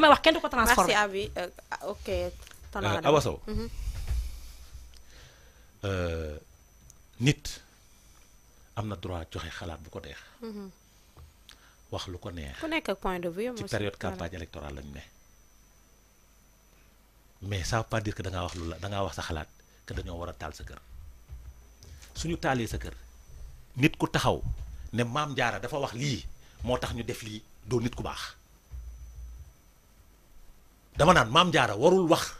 samay wax kenn du ko transformé. am na droit joxe xalaat bu ko deex wax lu ko neex. ku nekk ak de vue ci période campagne électorale mais ça veut pas dire que da wax lu la da ngaa wax sa xalaat que dañoo war a taal sa kër suñu taalee sa kër nit ku taxaw ne maam Jaara dafa wax lii moo tax ñu def lii doo nit ku baax. dama naan maam jaara warul wax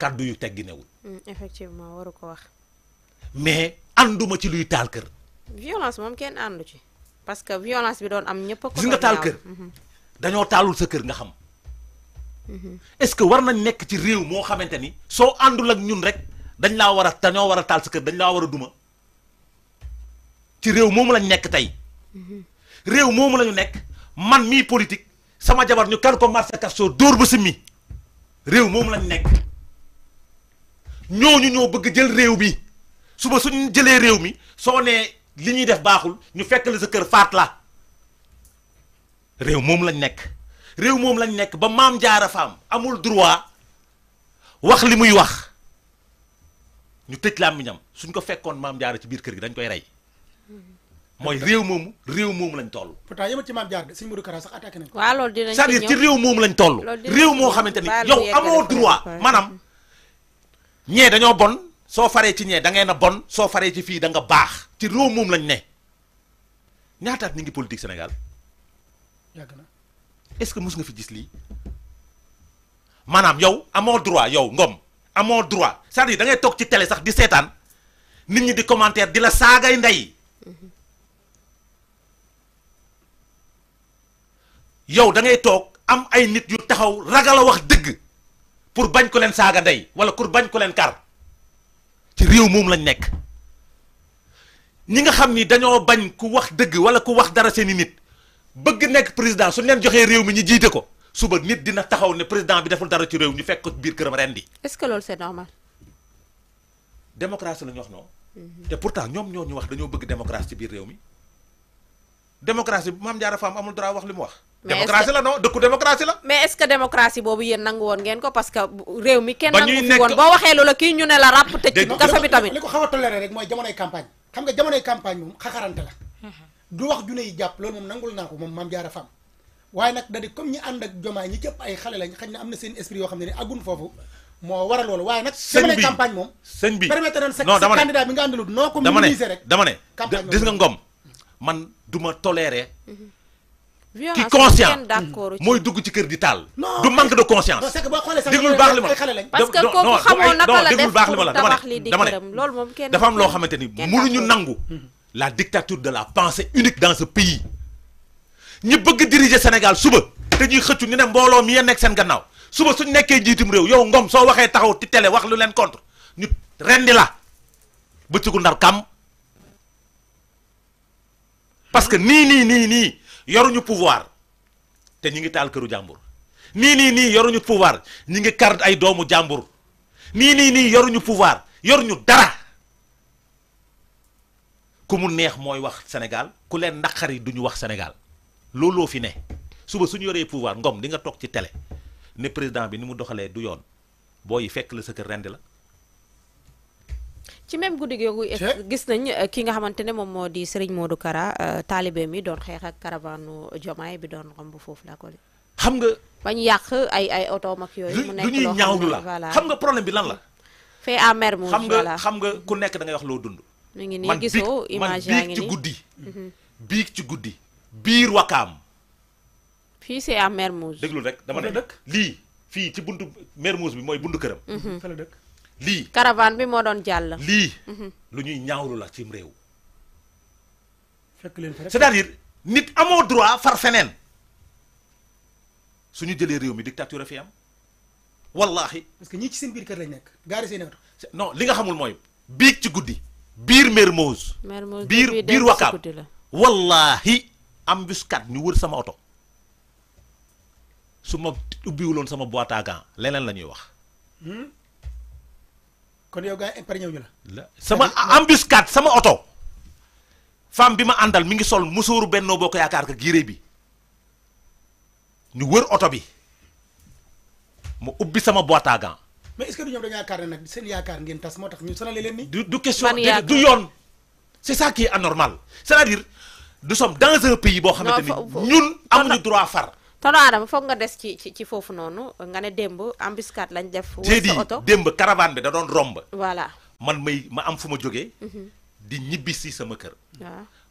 kàddu yu tegginewul hmm, effectivement waru ko wax. mais ànduma ci luy taal kër. violence moom kenn àndu ci. parce que violence bi doon am ñëpp ko gis nga taal kër. Mhm. dañoo taalul sa kër nga xam. Mhm. est-ce que war nañ nekk ci réew moo xamante ni soo àndul ak ñun rek dañ laa war a dañoo war a taal kër dañ laa war a duma ci réew moomu lañ nekk tey mhm. réew moomu lañu nekk man mii politique sama jabar ñu kar ko marché Castors dóor ba simmi réew moom lañ nekk ñooñu ñoo bëgg jël réew mi suba suñu jëlee réew mi soo nee li ñuy def baaxul ñu fekk la sa kër faat la réew moom lañ nekk réew moom lañ nekk ba maam jaara faam amul droit wax li muy wax ñu tëj làmmiñam suñ ko fekkoon maam jaara ci biir kër gi dañ koy rey mooy réew moomu réew moomu lañ toll. pourtant yëpp ci maam jaar de sëñ Modou Kara sax attaqué nañ ko. waaw loolu dinañ ci ñëw c'est-à-dire ci réew moomu lañ toll. réew moo xamante ni yow amoo droit maanaam ñee dañoo bon soo faree ci ñee dangeen ngay na bon soo faree ci fii da nga baax ci réew moomu lañ ne ñaataat ñu ngi politique Sénégal yàgg na est-ce que mës nga fi gis lii maanaam yow amoo droit yow ngom amoo droit cest da ngay toog ci télé sax di seetaan nit ñi di commentaire di la saagay ndey. Mhm. yow da ngay toog am ay nit yu taxaw ragal a wax dëgg pour bañ ko leen saaga ndey wala pour bañ ko leen kar ci réew moom lañ nekk ñi nga xam ni dañoo bañ ku wax dëgg wala ku wax dara seeni nit bëgg nekk président su leen joxee réew mi ñu jiite ko suba nit dina taxaw ne président bi deful dara ci réew ñu fekk ko biir këram ren di. est-ce que loolu c'est normal. démocratie la ñu wax noonu. Mhm. te pourtant ñoom ñoo ñu wax dañoo bëgg démocratie ci biir réew mi. démocratie bu Mame Diarra Fam amul droit wax li mu wax. démocratie la non dëkku démocratie la. mais est-ce que démocratie boobu yéen nangu woon ngeen ko parce réew mi. kenn nangu fi woon boo waxee loola kii ñu ne la ràpp tëj. ci kaso bi tamit li ko xaw a toléré rek mooy jamonoy campagne xam nga jamonoy campagne moom xaxarante la. Mhm. du wax junne yi jàpp loolu moom nangul naa ko maam jaara faam waaye nag da comme ñi ànd ak jomaay ñi cëpp ay xale lañ xañ na am na seen esprit yoo xam ne ne qui conscient mooy dugg ci kër di taal. du manque de conscience. non c'est que boo xoolee sax déglul baax li ma parce que kooku xamoo naka la def pour tabax li di këram loolu moom dafa am loo xamante ni mënuñu nangu. la dictature de la pensée unique dans ce pays. ñi bëgg diriger Sénégal suba te ñuy xëccu ni ne mbooloo mi yéen nekk seen gannaaw suba suñ nekkee jiitum réew yow ngom soo waxee taxaw ti télé wax lu leen contre ñu rendi la bëccëgu ndar kam parce que nii nii nii nii. yoruñu pouvoir te ñu ngi taal këru jàmbur nii nii nii yoruñu pouvoir ñi ngi kar ay doomu jàmbur nii nii nii yoruñu pouvoir yoruñu dara ku mu neex mooy wax Sénégal ku leen naqari duñu wax Sénégal looloo fi ne suba suñu yoree pouvoir ngom di nga toog ci télé ne président bi ni mu doxalee du yoon booy fekk la sa kër rendi la ci même guddi googu gis nañ euh, ki nga xamante ne moom moo di Serigne du Kara euh, taalibe mi doon xeex ak caravane Jomaay bi doon romb foofu la ko xam nga bañ yàq ay ay oto mag yooyu mu nekk lu ñuy ñaawlu la xam nga problème bi lan la fee à Mermoz xam nga xam nga ku nekk da ngay wax loo dund mu ngi nii gisoo image yaa ngi biig ci guddi mhm. biig ci guddi biir wakaam fii c'est à Mermoz déglul rek dama ne dëkk lii fii ci buntu Mermoz bi mooy buntu këram mhm. fa dëkk lii caravane bi moo doon jàll. lii. Mhm. lu ñuy ñaawlu la cim réew. fekk leen cest nit amoo droit far feneen su ñu jëlee réew mi dictature fi am wallaahi. parce que ñii ci seen biir kër lañ nekk gaari seen oto. li nga xamul mooy biig ci guddi. biir Mermoz. Mermoz biir biir Wakaam wallaahi am embuscade ñu wër sama oto su ma ubbiwuloon sama boîte à gants leneen la ñuy wax. Hmm? kon yow gars yi épargne la. sama embuscade sama oto femme bi ma àndal mi ngi sol musóoru Benno Bokk Yaakaar ka giré bi ñu wër oto bi mu ubbi sama boîte à gants. mais est du yaakaar ne seen yaakaar ngeen tas moo tax ñu sonal leen du du question du yoon. c'est ça qui est anormal c'est-à-dire nous sommes dans un pays boo xamante ni ñun amuñu droit far. tonton Adama foog nga des ci ci foofu noonu nga ne démb embuscade lañ def. wër sa oto démb caravane bi da doon romb. voilà man may ma am fu ma jógee. Mhm. di ñibbi sama kër.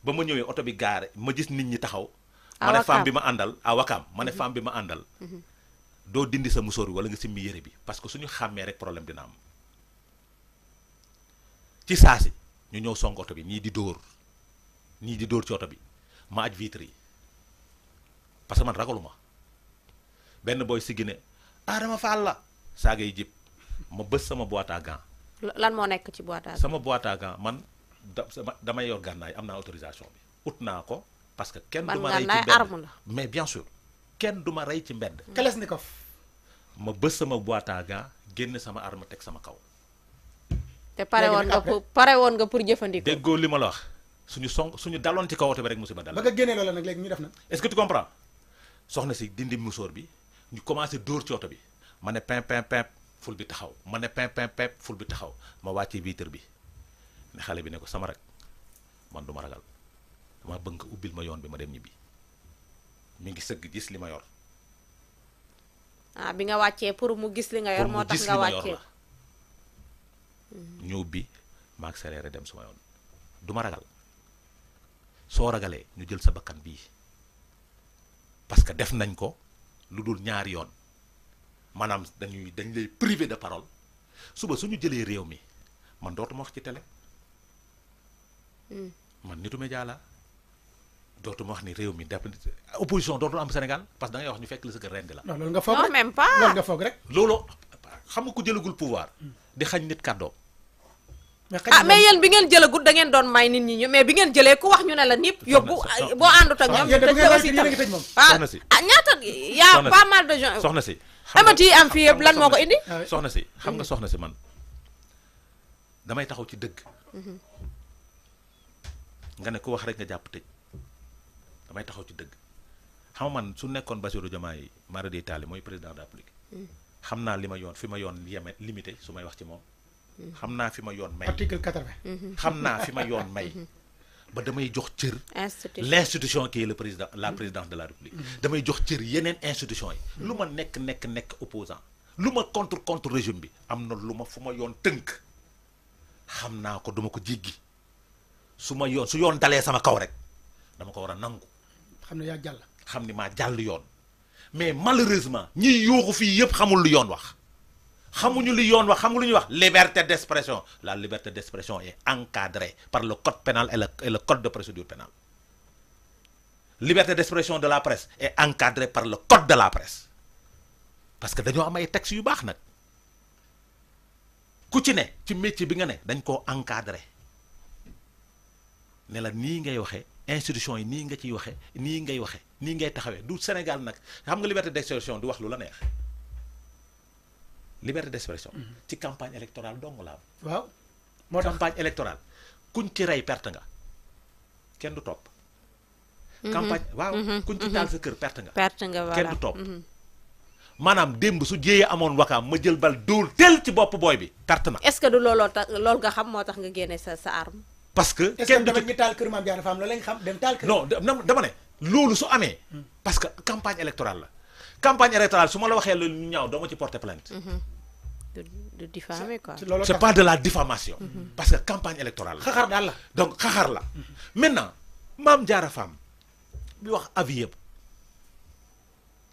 ba ma ñëwee oto bi gaare ma gis nit ñi taxaw. ma ne mhm. femme bi ma àndal à ma ne bi ma àndal. doo dindi sa musóor bi wala nga simmi yére bi parce que suñu xàmmee rek problème dina am ci saasi ñu ñëw song oto bi nii di dóor nii di dóor ci oto bi ma aj vitre yi parce que man ragaluma benn booy si Guinée Adama Fall la saaga yi jib ma bës sama boîte à gants. lan moo nekk ci boîte à sama boîte à gants man da sama damay yor gànnaay am naa autorisation bi ut naa ko parce que. kenn du ma rey ci mbedd mais bien kenn du ma rey ci mbedd. Mm. Kalashnikov. ma bës sama boîte à gants génn sama arme teg sama kaw. te pare woon nga pour pare woon nga pour jëfandikoo. déggoo li ma la wax suñu song suñu daloon ci kaw oto bi rek musiba dal. ba nga génnee loola nag léegi ñu def na. est-ce que tu comprends soxna si dindi musóor bi. ñu commencé dóor ci oto bi ma ne pin pin pin ful bi taxaw ma ne pin pin pin ful bi taxaw ma wàccee vitre bi ne xale bi ne ko sama rak man du ma ragal dama bëgg nga ubbil ma yoon bi ma dem ñibbi mi ngi sëgg gis li ma yor. ah bi nga wàccee pour mu gis li nga yor moo tax nga wàccee ñu ubbi ma accéléré dem suma yoon du ma ragal soo ragalee ñu jël sa bakkan bii parce que def nañ ko. lu dul ñaari yoon maanaam dañuy dañ lay privé de parole suba su ñu jëlee réew mi man dootuma wax ci télé hmm. man nitu média la dootuma wax ni réew mi def opposition dootul am Sénégal parce que da wax ñu fekk la sa kër la. non loolu nga foog rek non nga foog rek. loolu xam nga ko jëlagul pouvoir. di xañ nit kàddoom. ah mais yéen bi ngeen jëlagut da ngeen doon may nit ñi ñu mais bi ngeen jëlee ku wax ñu ne la nipp yóbbu boo àndut ak tam ah, soxna si ah ñaata yaa pas mal de gens soxna si am fii yëpp lan moo ko indi soxna si xam nga soxna si man damay taxaw ci dëgg mhm. nga ne ku wax rek nga jàpp tëj damay taxaw ci dëgg xam man su nekkoon Bassirou Diomaye Mara di Taali mooy président de mhm. xam naa li ma yoon fi ma yoon yeme limité su may wax ci moom xam naa fi ma yoon may article quatre-vingt mhm. xam naa fi ma yoon may mhm. ba damay jox cër l' institution qui est président la mhm. présidence de la république damay jox cër yeneen institution yi lu ma nekk nekk nekk opposant lu ma contre contre régime bi am na lu ma fu ma yoon tënk xam naa ko duma ko jéggi su ma yoon su yoon dalee sama kaw rek dama ko war a nangu xam ne yaa jàll xam ni maa jàll yoon mais malheureusement ñiy yuuxu fii yëpp xamul lu yoon wax xamuñu li yoon wax xam nga lu ñuy wax liberté d'expression la liberté d'expression est encadrée par le code pénal et le et le code de procédure pénale liberté d'expression de la presse est encadrée par le code de la presse parce que dañoo am ay textes yu baax nag ku ci ne ci métier bi nga ne dañ koo encadré ne la nii ngay waxee institution yi nii nga ciy waxee nii ngay waxee nii ngay taxawee du Sénégal nag xam nga liberté d'expression du wax lu la neex. liberté d'expression. ci campagne électorale dong laa am. waaw moo tax campagne électorale kuñ ci rey perte nga kenn du topp. Mhm. campagne waaw mhm. kuñ ci mhm. taal sa kër perte nga. perte nga voilà kenn du topp. maanaam démb su jéyee amoon wakaam ma jël bal dóor tel ci bopp booy bi perte na. est-ce que du looloo tax loolu nga xam moo tax nga génne sa sa arme. parce que kenn du ci kër maam Diarra Fam loolu xam dem taal kër. non dama ne loolu su amee. Hmm. parce que campagne électorale la. campagne électorale su ma la waxee loolu ñu ñaaw doo ma ci porter plainte. Mm-hmm. de c'est pas de la diffamation. Mm-hmm. parce que campagne électorale xaxar daal la donc xaxar la. Mm-hmm. maintenant maam Diarra Fam bi wax avis